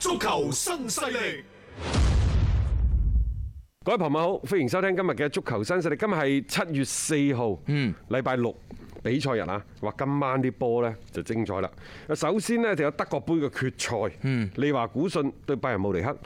足球新勢力，各位朋友好，歡迎收聽今日嘅足球新勢力。今日係七月四號，嗯，禮拜六比賽日啊，話今晚啲波呢就精彩啦。首先呢，就有德國盃嘅決賽，嗯，利華古信對拜仁慕尼克，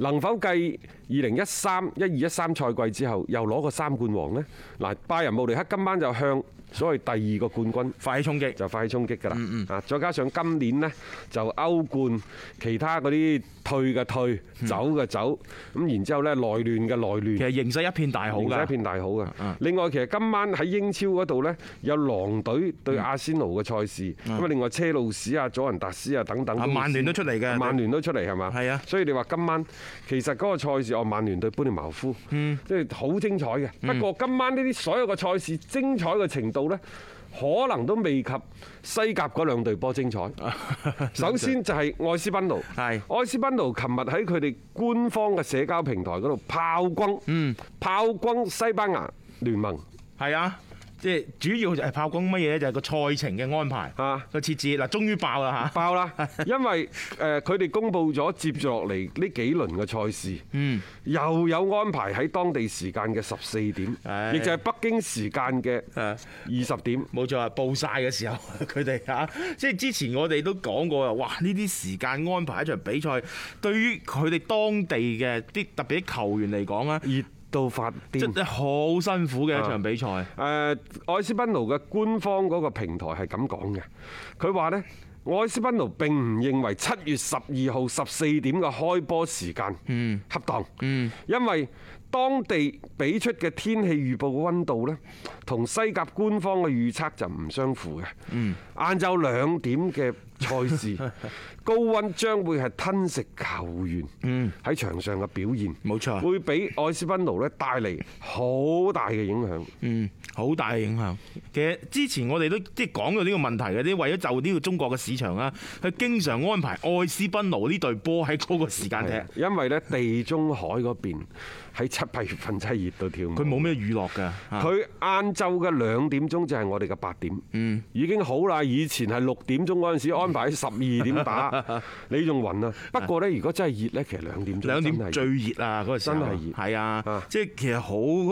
能否繼二零一三一二一三賽季之後又攞個三冠王呢？嗱，拜仁慕尼克今晚就向所謂第二個冠軍，快啲衝擊就快啲衝擊㗎啦！啊，再加上今年呢，就歐冠，其他嗰啲退嘅退，走嘅走，咁然之後呢，內亂嘅內亂。其實形勢一片大好㗎，一片大好㗎。另外其實今晚喺英超嗰度呢，有狼隊對阿仙奴嘅賽事，咁另外車路士啊、祖雲達斯啊等等。曼聯都出嚟嘅。曼聯都出嚟係嘛？係啊。所以你話今晚其實嗰個賽事我曼聯對般尼茅夫，即係好精彩嘅。不過今晚呢啲所有嘅賽事精彩嘅程度。好咧，可能都未及西甲嗰兩隊波精彩。首先就係愛斯賓奴，愛斯賓奴琴日喺佢哋官方嘅社交平台嗰度炮轟，炮轟西班牙聯盟。係、嗯、啊。即係主要就係炮轟乜嘢咧？就係個賽程嘅安排，個設置嗱，終於爆啦嚇！爆啦！因為誒佢哋公布咗接住落嚟呢幾輪嘅賽事，又有安排喺當地時間嘅十四點，亦就係北京時間嘅二十點，冇錯啊！報晒嘅時候佢哋嚇，即係之前我哋都講過啊，哇！呢啲時間安排一場比賽，對於佢哋當地嘅啲特別啲球員嚟講咧。到發啲，即係好辛苦嘅一場比賽，啊。誒、呃，愛斯賓奴嘅官方嗰個平台係咁講嘅，佢話咧，愛斯賓奴並唔認為七月十二號十四點嘅開波時間恰當，嗯嗯、因為當地俾出嘅天氣預報嘅溫度咧，同西甲官方嘅預測就唔相符嘅。晏晝兩點嘅。賽 事高溫將會係吞食球員嗯，喺場上嘅表現冇錯，會俾愛斯賓奴咧帶嚟好大嘅影響嗯，好大嘅影響。其實之前我哋都即係講過呢個問題嘅，啲為咗就呢個中國嘅市場啊，佢經常安排愛斯賓奴呢隊波喺嗰個時間踢，因為咧地中海嗰邊喺七八月份真係熱到跳舞，佢冇咩雨落㗎，佢晏晝嘅兩點鐘就係我哋嘅八點嗯，已經好啦。以前係六點鐘嗰陣時，時安。打十二點打，你仲暈啊！不過咧，如果真係熱咧，其實兩點鐘真係最熱啊！嗰陣真係熱，係啊，即係其實好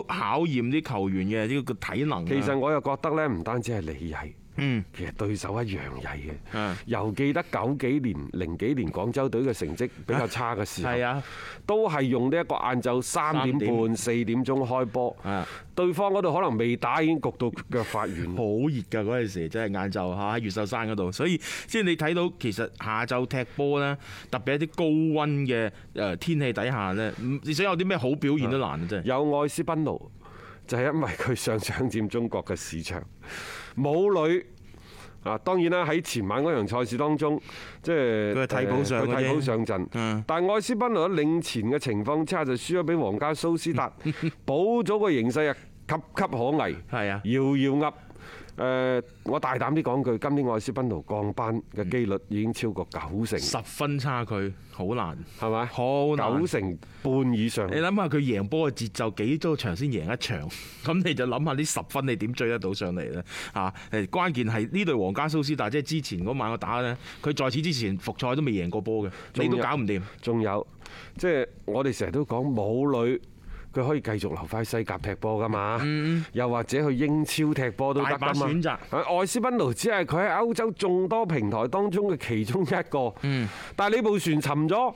考驗啲球員嘅呢個體能。其實我又覺得咧，唔單止係你係。嗯，其實對手一樣曳嘅，又是的 記得九幾年、零幾年廣州隊嘅成績比較差嘅時候，是的 都係用呢一個晏晝三點半、四點鐘開波，是的 對方嗰度可能未打已經焗到腳發軟，好熱㗎嗰陣時，真係晏晝吓喺越秀山嗰度，所以即係你睇到其實下晝踢波呢，特別一啲高溫嘅誒天氣底下呢，你想有啲咩好表現都難啊，真是的 有愛斯賓奴，就係、係、因為佢想搶佔中國嘅市場。母女啊，當然啦！喺前晚嗰場賽事當中，即係佢替補上，替補、呃、上陣。是的 但係愛斯賓奴喺領前嘅情況之下就輸咗俾皇家蘇斯達，保咗個形勢啊，岌岌可危，係啊，搖搖噏。誒，我大膽啲講句，今年愛斯賓奴降班嘅機率已經超過九成，十分差距，好難，係咪吧？好難，九成半以上。你諗下佢贏波嘅節奏幾多場先贏一場？咁 你就諗下呢十分你點追得到上嚟呢？嚇！關鍵係呢隊皇家蘇斯達，即係之前嗰晚我打呢，佢在此之前復賽都未贏過波嘅，你都搞唔掂。仲有，即係、就是、我哋成日都講冇女。佢可以繼續留返西甲踢波㗎嘛？又或者去英超踢波都得㗎嘛？大把選擇。愛斯賓奴只係佢喺歐洲眾多平台當中嘅其中一個。但係你部船沉咗，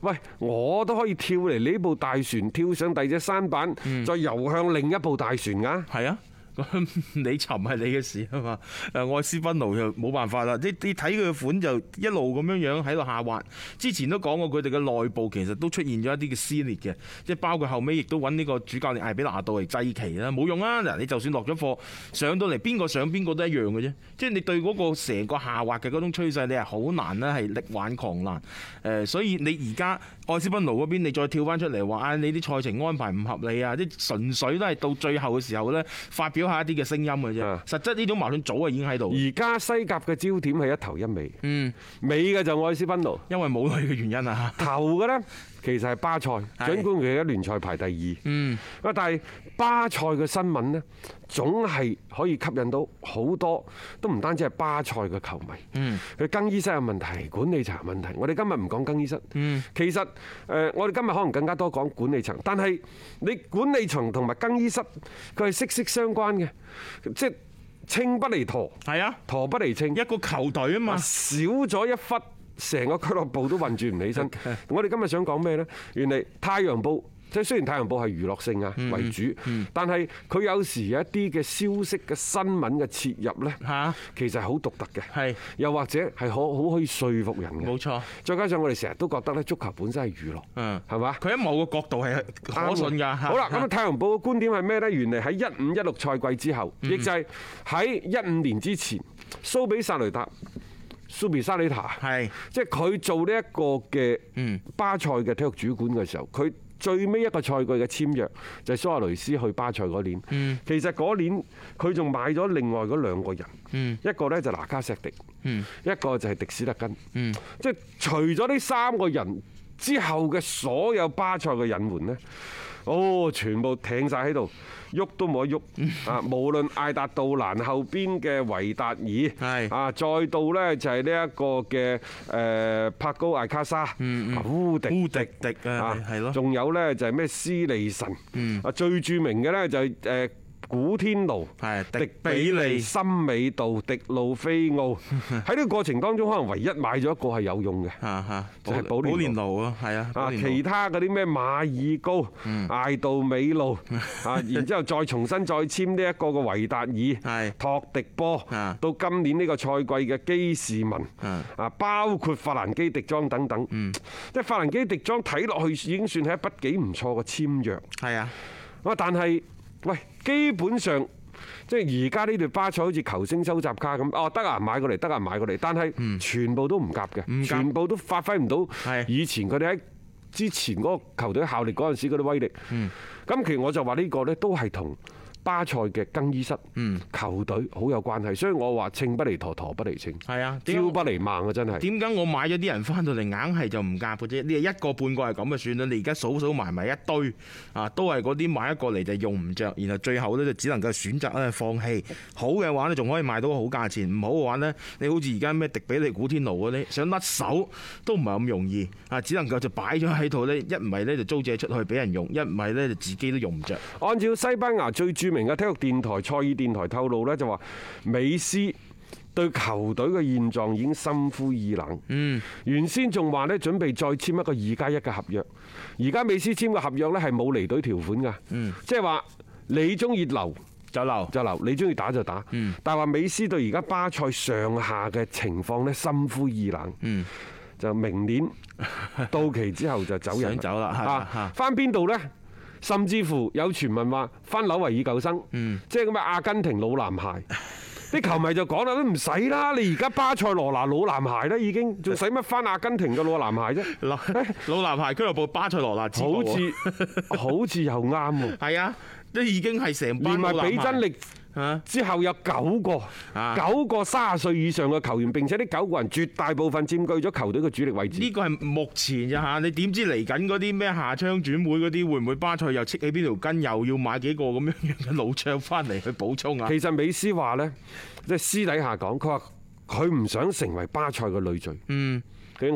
喂，我都可以跳嚟呢部大船，跳上第二隻舢板，再遊向另一部大船㗎。係啊。 你沉係你嘅事啊嘛！誒，愛斯賓奴又冇辦法啦，即你睇佢款就一路咁樣樣喺度下滑。之前都講過佢哋嘅內部其實都出現咗一啲嘅撕裂嘅，即係包括後尾亦都揾呢個主教練艾比拿度嚟祭旗啦，冇用啊！嗱，你就算落咗貨上到嚟，邊個上邊個都一樣嘅啫。即係你對嗰個成個下滑嘅嗰種趨勢，你係好難咧係力挽狂瀾。所以你而家愛斯賓奴嗰邊，你再跳翻出嚟話啊，你啲賽程安排唔合理啊！即係純粹都係到最後嘅時候呢發表。都係一啲嘅聲音嘅啫，實質呢種矛盾早係已經喺度。而家西甲嘅焦點係一頭一尾，嗯，尾嘅就愛斯賓奴，因為冇佢嘅原因啊。頭嘅咧，其實係巴塞，儘管佢嘅聯賽排第二，嗯，啊，但係巴塞嘅新聞咧。總係可以吸引到好多，都唔單止係巴塞嘅球迷。佢更衣室有問題、管理層有問題，我哋今日唔講更衣室。其實誒，我哋今日可能更加多講管理層，但係你管理層同埋更衣室佢係息息相關嘅，即係秤不離陀，係啊，陀不離秤。一個球隊啊嘛，少咗一忽，成個俱樂部都運轉唔起身。我哋今日想講咩呢？原嚟《太陽報》。即係雖然《太陽報》係娛樂性啊為主，但係佢有時有一啲嘅消息嘅新聞嘅切入呢，嚇，其實係好獨特嘅，係又或者係可好可以說服人嘅，冇錯。再加上我哋成日都覺得咧，足球本身係娛樂，嗯，係嘛？佢喺某個角度係可信㗎。好啦，咁《太陽報》嘅觀點係咩呢？原嚟喺一五一六賽季之後，亦就係喺一五年之前，蘇比薩雷達，蘇比薩雷達，係即係佢做呢一個嘅巴塞嘅體育主管嘅時候，佢。最尾一個賽季嘅簽約就係、是、蘇亞雷斯去巴塞嗰年，嗯、其實嗰年佢仲買咗另外嗰兩個人，一個呢就拿卡石迪，一個就係迪、嗯、迪斯特根，嗯、即係除咗呢三個人之後嘅所有巴塞嘅隱瞞呢。哦，全部停晒喺度，喐都冇得喐啊！無論艾達杜蘭後邊嘅維達爾，係啊，再到呢就係呢一個嘅誒帕高艾卡莎，嗯嗯，烏迪迪烏迪啊，仲有呢就係咩斯利神，啊、嗯、最著名嘅呢就係誒。古天奴、迪比利、森美道、迪路菲奧喺呢個過程當中，可能唯一買咗一個係有用嘅，就係保連奴保連奴咯，係啊。啊，其他嗰啲咩馬爾高、艾杜美路啊，然之後再重新再簽呢一個嘅維達爾，托迪波到今年呢個賽季嘅基士文啊，包括法蘭基迪莊等等，即係法蘭基迪莊睇落去已經算係一筆幾唔錯嘅簽約，係啊。哇，但係喂。基本上，即係而家呢隊巴塞好似球星收集卡咁，哦，得閒買過嚟，得閒買過嚟，但係全部都唔夾嘅，嗯、全部都發揮唔到以前佢哋喺之前嗰個球隊效力嗰陣時嗰啲威力。咁、嗯、其實我就話呢個呢都係同巴塞嘅更衣室，嗯，球隊好有關係，所以我話稱不離陀，陀，陀不離稱，係啊的，焦不離孟啊，真係。點解我買咗啲人翻到嚟，硬係就唔夾嘅啫？你一個半個係咁就算啦。你而家數數埋埋一堆啊，都係嗰啲買一個嚟就用唔着。然後最後呢，就只能夠選擇呢，放棄。好嘅話呢，仲可以賣到好價錢；唔好嘅話呢，你好似而家咩迪比利、古天奴嗰啲，想甩手都唔係咁容易啊，只能夠就擺咗喺度呢，一唔係呢，就租借出去俾人用，一唔係呢，就自己都用唔着。按照西班牙最著明嘅體育電台、賽爾電台透露呢，就話美斯對球隊嘅現狀已經心灰意冷。嗯，原先仲話呢，準備再簽一個二加一嘅合約，而家美斯簽嘅合約呢，係冇離隊條款㗎。嗯，即係話你中意留就留，就留；你中意就留，就留，打就打。嗯，但係話美斯對而家巴塞上下嘅情況呢，心灰意冷。嗯，就明年到期之後就走人， 走啦。吓，嗯，翻邊度呢？甚至乎有傳聞話翻紐維爾舊生，嗯、即係咁嘅阿根廷老男孩，啲球迷就講啦，都唔使啦，你而家巴塞羅那老男孩啦已經，仲使乜翻阿根廷嘅老男孩啫？嗱， 老男孩俱樂部巴塞羅那，好似像 好似又啱喎，係 啊，都已經係成班老男孩。之後有九個，九、啊、個三十歲以上嘅球員，並且呢九個人絕大部分佔據咗球隊嘅主力位置。呢個係目前啫，你點知嚟緊嗰啲咩夏窗轉會嗰啲，會唔會巴塞又砌起邊條筋，又要買幾個咁樣嘅老將翻嚟去補充啊？其實美斯話呢，即係私底下講，佢話佢唔想成為巴塞嘅累贅。嗯，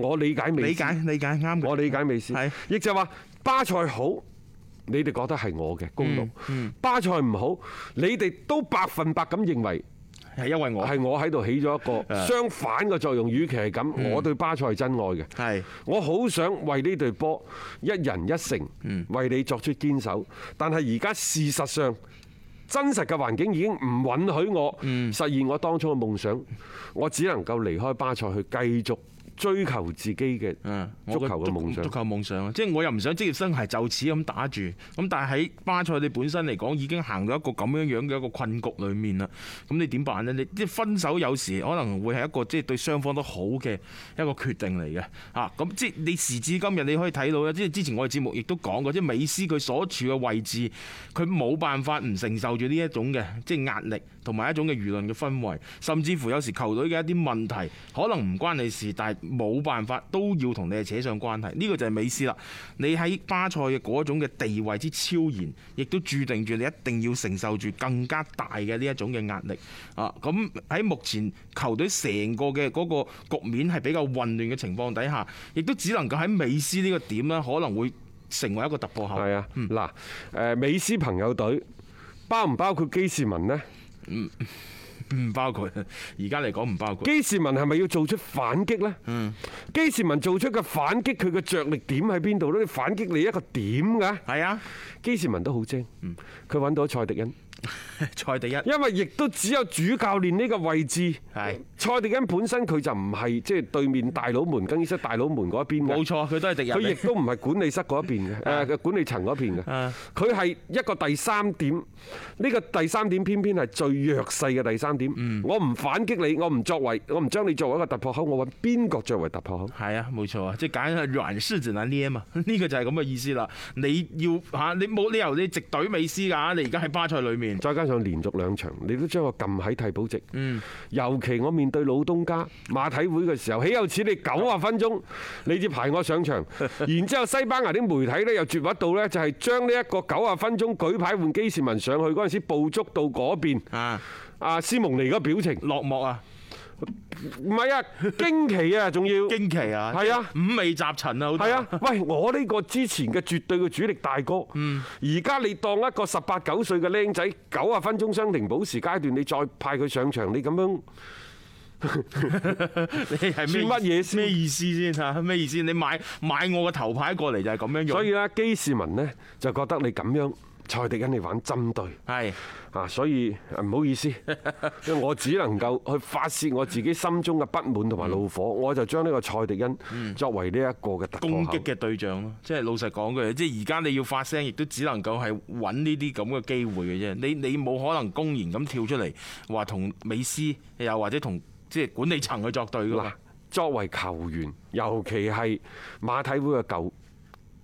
我理解美。理解理解啱，我理解美斯。係。亦是就話巴塞好。你哋覺得係我嘅功勞，嗯嗯、巴塞唔好，你哋都百分百咁認為係因為我係我喺度起咗一個的相反嘅作用。與其係咁，嗯、我對巴塞係真愛嘅，的我好想為呢隊波一人一城，嗯、為你作出堅守。但係而家事實上真實嘅環境已經唔允許我、嗯、實現我當初嘅夢想，我只能夠離開巴塞去繼續。追求自己嘅嗯足球嘅夢想，嗯足，足球夢想啊！即係我又唔想職業生涯就此咁打住。咁但係喺巴塞，你本身嚟講已經行到一個咁樣樣嘅一個困局裏面啦。咁你點辦咧？你即係分手，有時可能會係一個即係對雙方都好嘅一個決定嚟嘅吓。咁、啊、即係你時至今日，你可以睇到咧，即係之前我哋節目亦都講過，即係美斯佢所處嘅位置，佢冇辦法唔承受住呢一種嘅即係壓力同埋一種嘅輿論嘅氛圍，甚至乎有時球隊嘅一啲問題可能唔關你事，但係冇辦法都要同你係扯上關係，呢個就係美斯啦。你喺巴塞嘅嗰種嘅地位之超然，亦都註定住你一定要承受住更加大嘅呢一種嘅壓力。啊，咁喺目前球隊成個嘅嗰個局面係比較混亂嘅情況底下，亦都只能夠喺美斯呢個點咧，可能會成為一個突破口。係啊，嗱，美斯朋友隊包唔包括基士文呢？嗯唔包括，而家嚟講唔包括。基士文係咪要做出反擊呢？嗯，基士文做出嘅反擊，佢嘅着力點喺邊度呢？你反擊你一個點㗎？係是啊，基士文都好精，佢揾到蔡迪恩。蔡迪恩，因為亦都只有主教練呢個位置係蔡迪恩，本身佢就唔係，即係對面大佬門更衣室大佬門嗰一邊，冇錯，佢都係敵人。佢亦都唔係管理室嗰一邊嘅，誒、 呃、管理層邊嘅，佢係 是的 一個第三點，呢、這個第三點偏偏係最弱勢嘅第三點。嗯、我唔反擊你，我唔作為，我唔將你作為一個突破口，我搵邊個作為突破口？係啊，冇錯啊，即係揀個軟柿子嚟捏嘛，呢、這個就係咁嘅意思啦。你要吓、啊、你冇理由你直懟美斯噶，你而家喺巴塞裏面。再加上連續兩場，你都將我撳喺替補席。尤其我面對老東家馬體會嘅時候，豈有此理？九十分鐘，你至排我上場，然之後西班牙啲媒體呢，又絕不到呢，就係將呢一個九十分鐘舉牌換基沙文上去嗰陣時，捕捉到嗰邊啊，阿、啊、斯蒙尼嗰個表情落寞啊！唔係啊，驚奇啊，仲要驚奇啊，係啊，五味雜陳啊，好多，係啊，喂，我呢個之前嘅絕對嘅主力大哥，而家、嗯、你當一個十八九歲嘅僆仔，九十分鐘傷停補時階段，你再派佢上場，你咁樣， 你係咩嘢先？咩意思先吓？咩意、意、意思？你買買我個頭牌過嚟就係咁樣用？所以咧，基市民呢，就覺得你咁樣。蔡迪恩，你玩針對，係啊，是所以唔好意思， 我只能夠去發泄我自己心中嘅不滿同埋怒火，是我就將呢個蔡迪恩作為呢一個嘅攻擊嘅對象咯。即係老實講句，即係而家你要發聲，亦都只能夠係揾呢啲咁嘅機會嘅啫。你你冇可能公然咁跳出嚟話同美斯又或者同即係管理層去作對噶嘛？作為球員，尤其係馬體會嘅舊，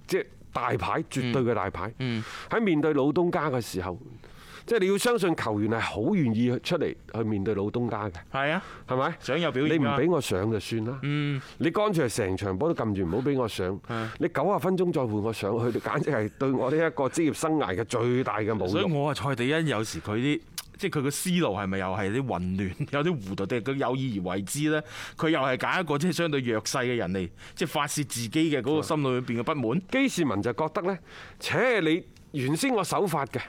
即係。大牌，絕對嘅大牌，喺面對老東家嘅時候，即係你要相信球員係好願意出嚟去面對老東家嘅。係啊吧，係咪？想有表現，你唔俾我上就算啦，嗯。嗯，你乾脆係成場波都撳住唔好俾我上。是的 你九十分鐘再換我上去，哋簡直係對我呢一個職業生涯嘅最大嘅侮辱。所以我話塞蒂恩，有時佢啲。即係佢個思路係咪又係啲混亂，有啲糊塗定係佢有意而為之咧？佢又係揀一個即係相對弱勢嘅人嚟，即係發泄自己嘅嗰、那個心裏邊嘅不滿。基士文就覺得咧，切你原先我首發嘅，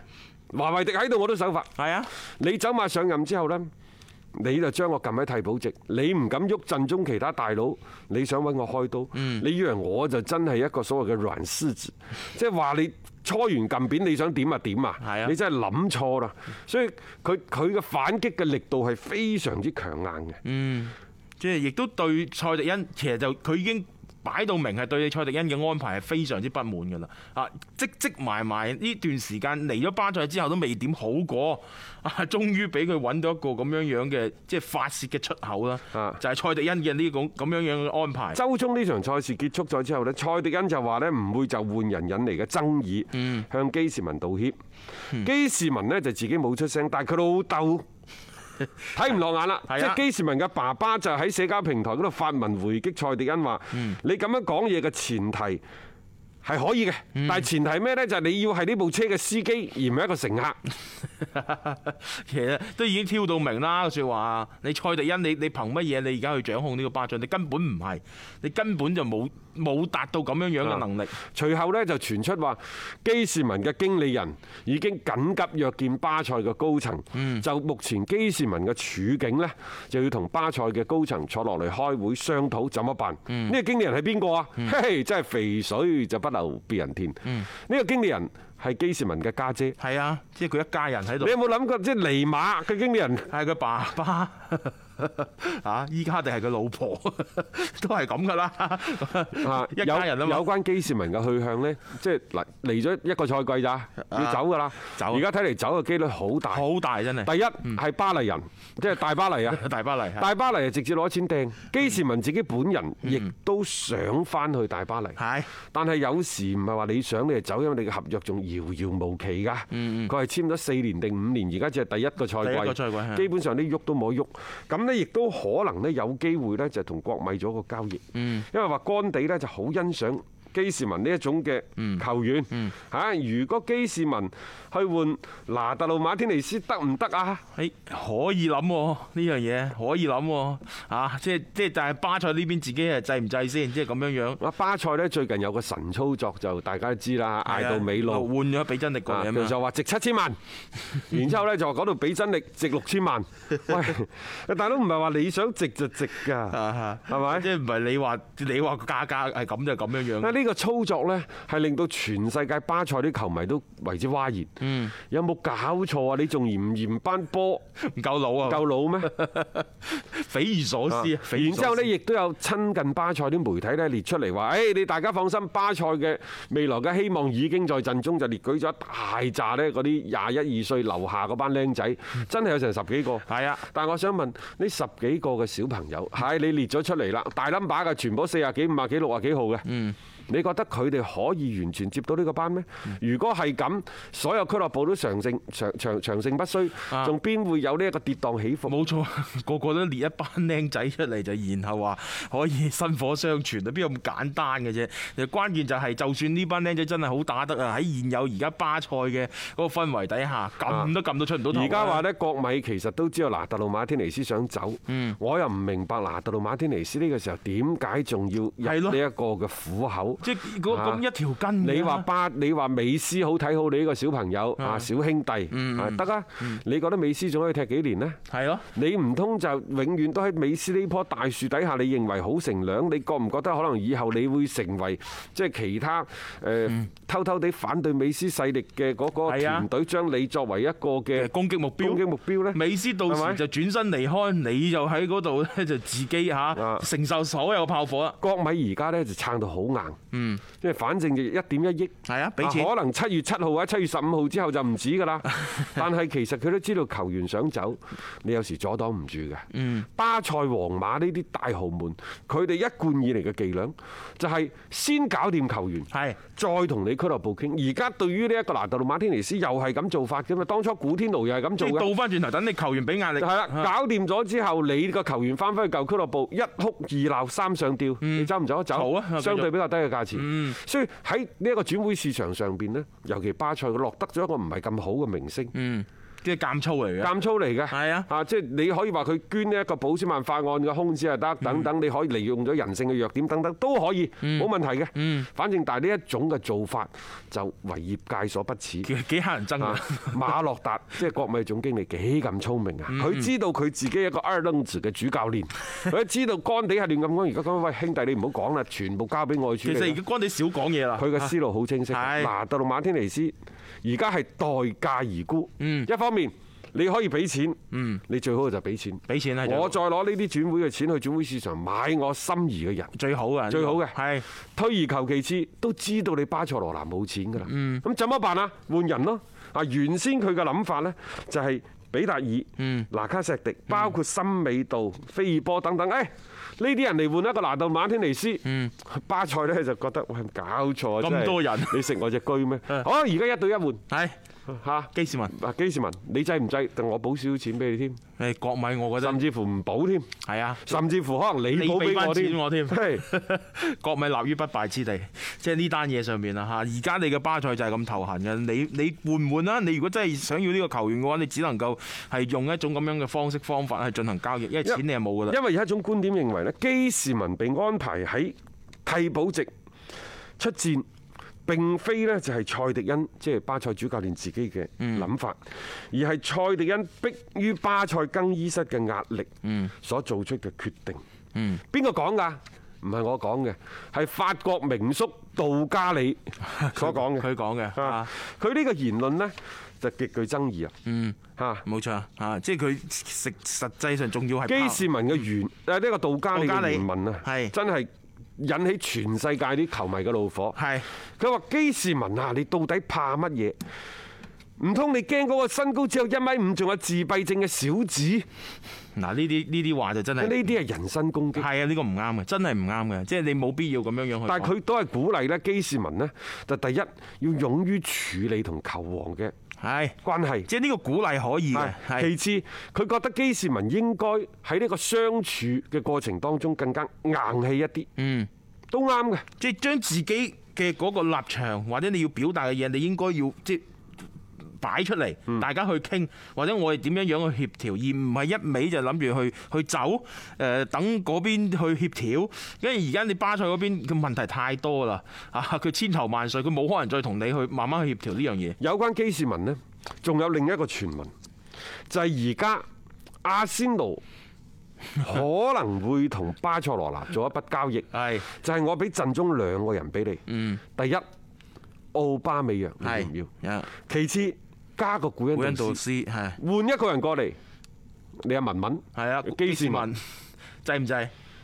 華為迪喺度我都首發。係啊，你走馬上任之後咧，你就將我撳喺替補席，你唔敢喐陣中其他大佬，你想揾我開刀，嗯、你以為我就真係一個所謂嘅軟柿子？即係話你。搓完近邊你想點就點啊？係啊你真係諗錯啦！所以佢佢嘅反擊嘅力度係非常之強硬嘅。嗯，即係亦都對塞蒂恩，其實就佢已經。擺到明係對蔡迪恩嘅安排係非常之不滿㗎啦！啊，積積埋埋呢段時間嚟咗巴塞之後都未點好過，啊，終於俾佢揾到一個咁樣樣嘅即係發泄嘅出口啦！啊，就係蔡迪恩嘅呢種咁樣樣嘅安排。週中呢場賽事結束咗之後呢，蔡迪恩就話呢，唔會就換人引嚟嘅爭議，向基士文道歉。基士文呢就自己冇出聲，但係佢老豆。」睇唔落眼啦，的即係基士文嘅爸爸就喺社交平台嗰度發文回擊蔡迪恩、嗯、話：你咁樣講嘢嘅前提。係可以嘅，嗯、但係前提咩呢？就係你要係呢部車嘅司機，而唔係一個乘客。 其實都已經挑到明啦，個説話。你蔡迪恩，你你憑乜嘢？你而家去掌控呢個巴掌，你根本唔係，你根本就冇冇達到咁樣樣嘅能力。隨後呢，就傳出話，基士文嘅經理人已經緊急約見巴塞嘅高層，嗯、就目前基士文嘅處境呢，就要同巴塞嘅高層坐落嚟開會商討怎麼辦。呢、嗯、個經理人係邊個啊？嘿，真係肥水就不。由別人填。呢、嗯、個經理人係基士文嘅家姐，姐。係啊，即係佢一家人喺度。你有冇諗過，即係尼馬嘅經理人係佢爸爸？爸 啊！依家定係佢老婆 都係咁噶啦，有有關基士文嘅去向呢，即係嚟咗一個賽季咋，要走噶啦，啊，走。而家睇嚟走嘅機率好大，好大真係。第一係巴黎人，嗯、即係大巴黎啊，大巴黎， 大巴黎，大巴黎直接攞錢掟。嗯、基士文自己本人亦都想翻去大巴黎，嗯嗯、但係有時唔係話你想你走，因為你嘅合約仲遙遙無期噶。佢係簽咗四年定五年，而家只係第一個賽季，第一個賽季，基本上啲喐都冇喐。咁呢亦都可能呢，有機會呢，就同國米做一個交易，嗯，因為話干地呢，就好欣賞。基士文呢一種嘅球員嚇，如果基士文去換拿特魯馬天尼斯得唔得啊？誒可以諗呢樣嘢，可以諗嚇，即係即係，但係、啊就是就是、巴塞呢邊自己係制唔制先，即係咁樣樣。啊，巴塞呢最近有個神操作就大家都知啦，嗌到、啊、尾路換咗比真力過嚟，就話、啊、值七千萬， 然之後咧就話度比真力值六千萬。喂，大佬唔係話你想值就值㗎，係咪 吧？即係唔係你話你話個價格係咁就咁樣樣。就是呢個操作咧，係令到全世界巴塞啲球迷都為之嘩然。嗯，有冇搞錯啊？你仲嫌唔嫌班波唔夠老啊？夠老咩？匪夷所思啊！然之後咧，亦都有親近巴塞啲媒體咧列出嚟話，誒，你大家放心，巴塞嘅未來嘅希望已經在陣中，就列舉咗一大扎咧嗰啲廿一二歲樓下嗰班僆仔，真係有成十幾個。係啊！但係我想問呢十幾個嘅小朋友，唉，你列咗出嚟啦，大冧把嘅，全部四十幾、五十幾、六十幾號嘅。嗯。你覺得佢哋可以完全接到呢個班咩？嗯、如果係咁，所有俱樂部都長勝長長長勝不衰，仲邊會有呢一個跌宕起伏？冇錯，個個都列一班僆仔出嚟，就然後話可以薪火相傳啊！邊有咁簡單嘅啫？關鍵就係、是，就算呢班僆仔真係好打得啊，喺現有而家巴塞嘅嗰個氛圍底下，撳都撳都出唔到頭。而家話呢國米其實都知道拿特路馬天尼斯想走，嗯、我又唔明白拿特路馬天尼斯呢個時候點解仲要入呢一個嘅虎口？即係嗰咁一條筋。你話巴，你話美斯好睇好你呢個小朋友啊，小兄弟啊，得啊？你覺得美斯仲可以踢幾年咧？係咯。你唔通就永遠都喺美斯呢棵大樹底下？你認為好乘涼？你覺唔覺得可能以後你會成為即係其他誒偷偷地反對美斯勢力嘅嗰個團隊，將你作為一個嘅攻擊目標？攻擊目標咧。美斯到時就轉身離開，你就喺嗰度咧就自己嚇承受所有炮火啦。國米而家咧就撐到好硬。嗯，即 係反正就一點一億，係啊，俾錢。可能七月七號或者七月十五號之後就唔止噶啦。 但係其實佢都知道球員想走，你有時阻擋唔住嘅。嗯、巴塞、皇馬呢啲大豪門，佢哋一貫以嚟嘅伎倆就係先搞掂球員，係是再同你俱樂部傾。而家對於呢一個蘭特路馬天尼斯又係咁做法嘅嘛。當初古天奴又係咁做嘅。倒翻轉頭等你球員俾壓力，係啦，嗯、搞掂咗之後，你個球員翻返去舊俱樂部，一哭二鬧三上吊，你走唔走得走，走， 走，相對比較低嘅價、嗯、所以喺呢一個轉會市場上邊咧，尤其巴塞佢落得咗一個唔係咁好嘅名聲。嗯。即係間操嚟嘅，間操嚟嘅，係啊，啊即係你可以話佢捐呢一個《保險法》法案嘅空子啊，得，等等你可以利用咗人性嘅弱點等等都可以，冇問題嘅，反正但係呢一種嘅做法就為業界所不齒，幾幾乞人憎啊！馬洛達即係國米總經理幾咁聰明啊！佢知道佢自己一個阿爾登治嘅主教練，佢知道幹地係亂咁講，而家講喂兄弟你唔好講啦，全部交俾外傳。其實而家幹地少講嘢啦。佢嘅思路好清晰。嗱，特路馬天尼斯。而家係待價而沽。嗯，一方面你可以俾錢。嗯，你最好就係俾錢。俾錢啦！我再攞呢啲轉會嘅錢去轉會市場買我心儀嘅人，最好嘅，最好嘅。係退而求其次，都知道你巴塞羅那冇錢㗎啦。嗯，咁怎麼辦啊？換人咯。啊，原先佢嘅諗法呢，就係、是。比達爾、嗯、拿卡石迪，嗯、包括森美度、菲爾波等等，哎，呢啲人嚟，換一個拿度馬天尼斯，嗯、巴塞咧就覺得喂，搞錯，咁多人，你食我隻車咩？係好，而家一對一換。嚇，基士文，嗱，基士文，你制唔制？等我補少少錢俾你添。誒，國米我覺得甚至乎唔補添。係啊的，甚至乎可能你補俾我添。國米立於不敗之地，即係呢單嘢上面啦嚇。而家你嘅巴塞就係咁頭痕嘅，你你換唔換啊？你如果真係想要呢個球員嘅話，你只能夠係用一種咁樣嘅方式方法去進行交易，因為錢你係冇㗎啦。因為有一種觀點認為咧，基士文被安排喺替補席出戰。並非呢就係蔡迪恩即係巴塞主教練自己嘅諗法，嗯、而係蔡迪恩迫於巴塞更衣室嘅壓力，所做出嘅決定。邊個講㗎？唔係我講嘅，係法國名宿杜加里所講嘅。佢講嘅，佢呢個言論呢就極具爭議啊！嚇、嗯，冇錯啊！即係佢食實際上仲要係基士文嘅原，誒、這、呢個杜加里嘅言論啊，真係。引起全世界啲球迷嘅怒火。係，佢話基士文啊，你到底怕乜嘢？唔通你驚嗰個身高只有一米五，仲有自閉症嘅小子？嗱，呢啲呢啲話就真係呢啲係人身攻擊。係啊，呢個唔啱嘅，真係唔啱嘅，即係你冇必要咁樣樣去。但係佢都係鼓勵咧，基士文呢，就第一要勇於處理同球王嘅。係，是關係即係呢個鼓勵可以是是其次，佢覺得基沙文應該喺呢個相處嘅過程當中更加硬氣一啲。嗯，都啱嘅，即係將自己嘅嗰個立場或者你要表達嘅嘢，你應該要即擺出嚟，大家去傾，或者我哋點樣樣去協調，而唔係一味就諗住去去走。誒、呃，等嗰邊去協調，因為而家你巴塞嗰邊嘅問題太多啦，啊，佢千頭萬緒，佢冇可能再同你去慢慢去協調呢樣嘢。有關基士文呢，仲有另一個傳聞，就係而家阿仙奴可能會同巴塞羅那做一筆交易， 是就係我俾陣中兩個人俾你，嗯、第一奧巴美揚要唔要？是其次。加個古人道師，係換一個人過嚟，你阿文文係啊，的基士文，制唔制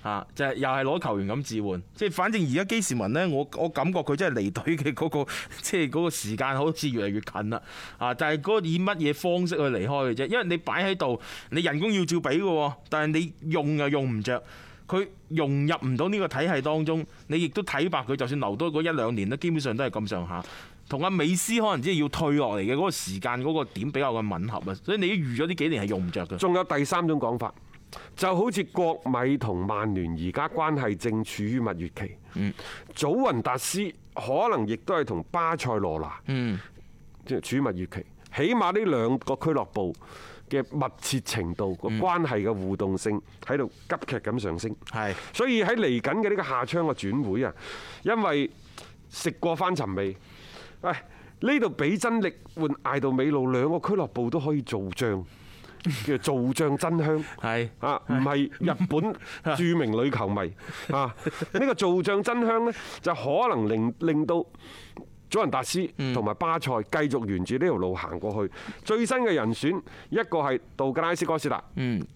啊？就係 又係攞球員咁置換，即係反正而家基士文咧，我我感覺佢真係離隊嘅嗰、嗰個，即係嗰個時間好似越嚟越近啦。啊，但係以乜嘢方式去離開嘅啫？因為你擺喺度，你人工要照俾嘅，但係你用又用唔着，佢融入唔到呢個體系當中，你亦都睇白佢，就算留多嗰一兩年啦，基本上都係咁上下。同阿美斯可能即係要退落嚟嘅嗰個時間嗰個點比較嘅吻合啊，所以你預咗呢幾年係用唔着嘅。仲有第三種講法，就好似國米同曼聯而家關係正處於蜜月期。嗯。祖雲達斯可能亦都係同巴塞羅那。嗯。即係處於蜜月期，起碼呢兩個俱樂部嘅密切程度個關係嘅互動性喺度急劇咁上升。係。所以喺嚟緊嘅呢個下窗嘅轉會啊，因為食過翻尋味。喂，呢度俾真力換艾杜美路，兩個俱樂部都可以做將，叫做做將真香。係啊，唔係日本著名女球迷 啊，呢、呢個做將真香呢，就可能令令到祖雲達斯同埋巴塞繼續沿住呢條路行過去。嗯、最新嘅人選一個係道格拉斯哥斯達，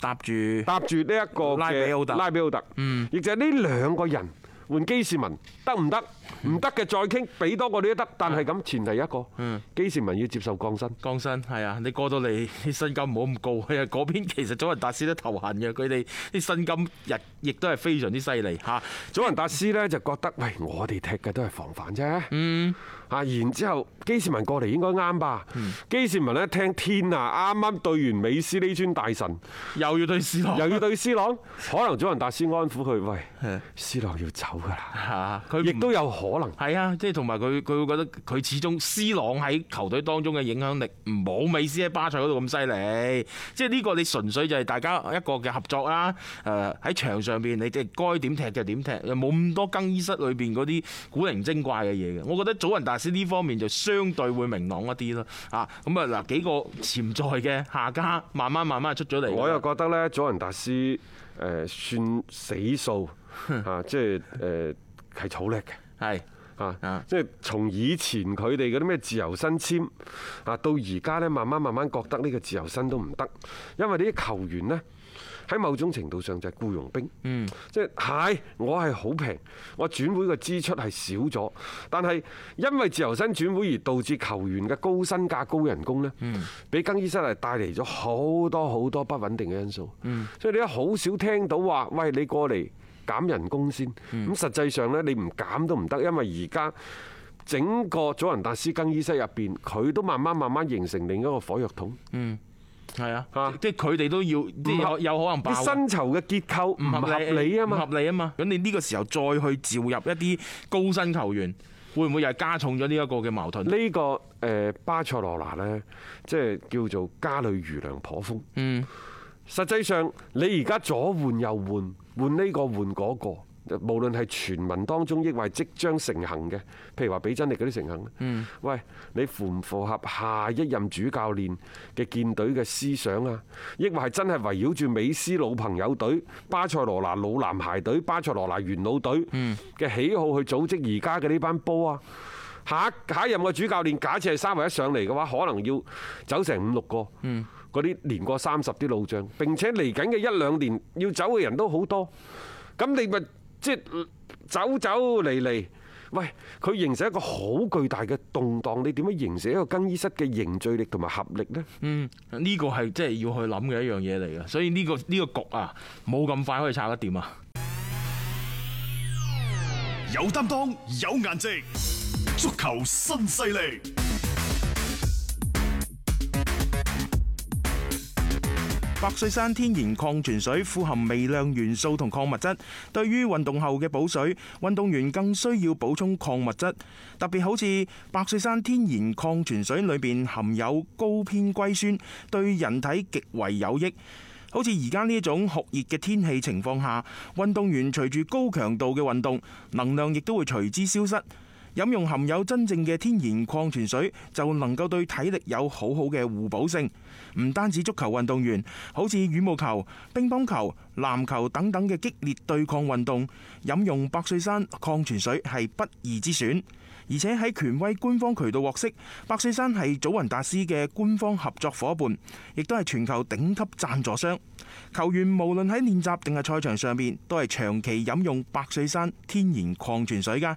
搭住搭住呢一個拉比奧特，拉比奧特，亦、嗯、就係呢兩個人。換基士文得唔得？唔得嘅再傾，俾多過啲都得，但係咁前提一個，嗯，基士文要接受降薪。降薪係啊，你過到嚟啲薪金唔好咁高，啊，嗰邊其實祖雲達斯都頭痕嘅，佢哋啲薪金日亦都係非常之犀利吓。祖雲達斯呢，就覺得喂，我哋踢嘅都係防範啫。嗯。啊！然之後基士文過嚟應該啱吧？嗯、基士文咧聽天啊，啱啱對完美斯呢尊大神，又要對斯朗，又要對斯朗。 可能祖雲達斯安撫佢，喂，是的 斯朗要走噶啦。佢亦都有可能。係啊，即係同埋佢，佢會覺得佢始終斯朗喺球隊當中嘅影響力，唔好美斯喺巴塞嗰度咁犀利。即係呢個你純粹就係大家一個嘅合作啦。誒，喺場上邊你即係該點踢就點踢，又冇咁多更衣室裏邊嗰啲古靈精怪嘅嘢嘅。我覺得祖雲達。呢方面就相對會明朗一啲咯，啊，咁啊嗱幾個潛在嘅下家，慢慢慢慢出咗嚟。我又覺得咧，祖雲達斯誒算死數，啊、就是， 即係誒係草力嘅，係啊，即係從以前佢哋嗰啲咩自由身簽啊，到而家咧，慢慢慢慢覺得呢個自由身都唔得，因為呢啲球員咧。喺某種程度上就係僱傭兵，嗯、即係、哎、我係好平，我轉會嘅支出係少咗，但係因為自由身轉會而導致球員嘅高身價、高人工咧，俾、嗯、更衣室係帶嚟咗好多好多不穩定嘅因素。嗯、所以你都好少聽到話，喂，你過嚟減人工先。咁實際上呢，你唔減都唔得，因為而家整個祖雲達斯更衣室入邊，佢都慢慢慢慢形成另一個火藥桶。嗯係啊，即係佢哋都要有可能把薪，啲薪酬嘅結構唔合理啊嘛，合理啊嘛。咁你呢個時候再去召入一啲高薪球員，會唔會又係加重咗呢一個嘅矛盾？呢個誒巴塞羅那呢，即係叫做家裏餘糧頗豐。嗯，實際上你而家左換右換，換呢個換嗰嗰個。無論係傳聞當中，抑或即將成行嘅，譬如話比真力嗰啲成行咧，嗯，喂，你符唔符合下一任主教練嘅建隊嘅思想啊？抑或係真係圍繞住美斯老朋友隊、巴塞羅那老男孩隊、巴塞羅那元老隊嘅喜好去組織而家嘅呢班波啊？下一下一任個主教練假設係三位一上嚟嘅話，可能要走成五六個，嗯，嗰啲年過三十啲老將，並且嚟緊嘅一兩年要走嘅人都好多，咁你咪？即係走走嚟嚟，喂，佢形成一個好巨大嘅動盪，你點樣形成一個更衣室嘅凝聚力同埋合力呢？嗯，呢個係即係要去諗嘅一樣嘢嚟㗎，所以呢個呢個局啊，冇咁快可以拆得掂啊！有擔當，有顏值，足球新勢力。百歲山天然礦泉水富含微量元素同礦物質，對於運動後嘅補水，運動員更需要補充礦物質。特別好似百歲山天然礦泉水裏邊含有高偏硅酸，對人體極為有益。好似而家呢種酷熱嘅天氣情況下，運動員隨住高強度嘅運動，能量亦都會隨之消失。飲用含有真正嘅天然礦泉水就能夠對體力有好好嘅互補性，唔單止足球運動員，好似羽毛球、乒乓球、籃球等等嘅激烈對抗運動，飲用百歲山礦泉水係不二之選。而且喺權威官方渠道獲悉，百歲山係祖雲達斯嘅官方合作伙伴，亦都係全球頂級贊助商。球員無論喺練習定係賽場上面，都係長期飲用百歲山天然礦泉水㗎。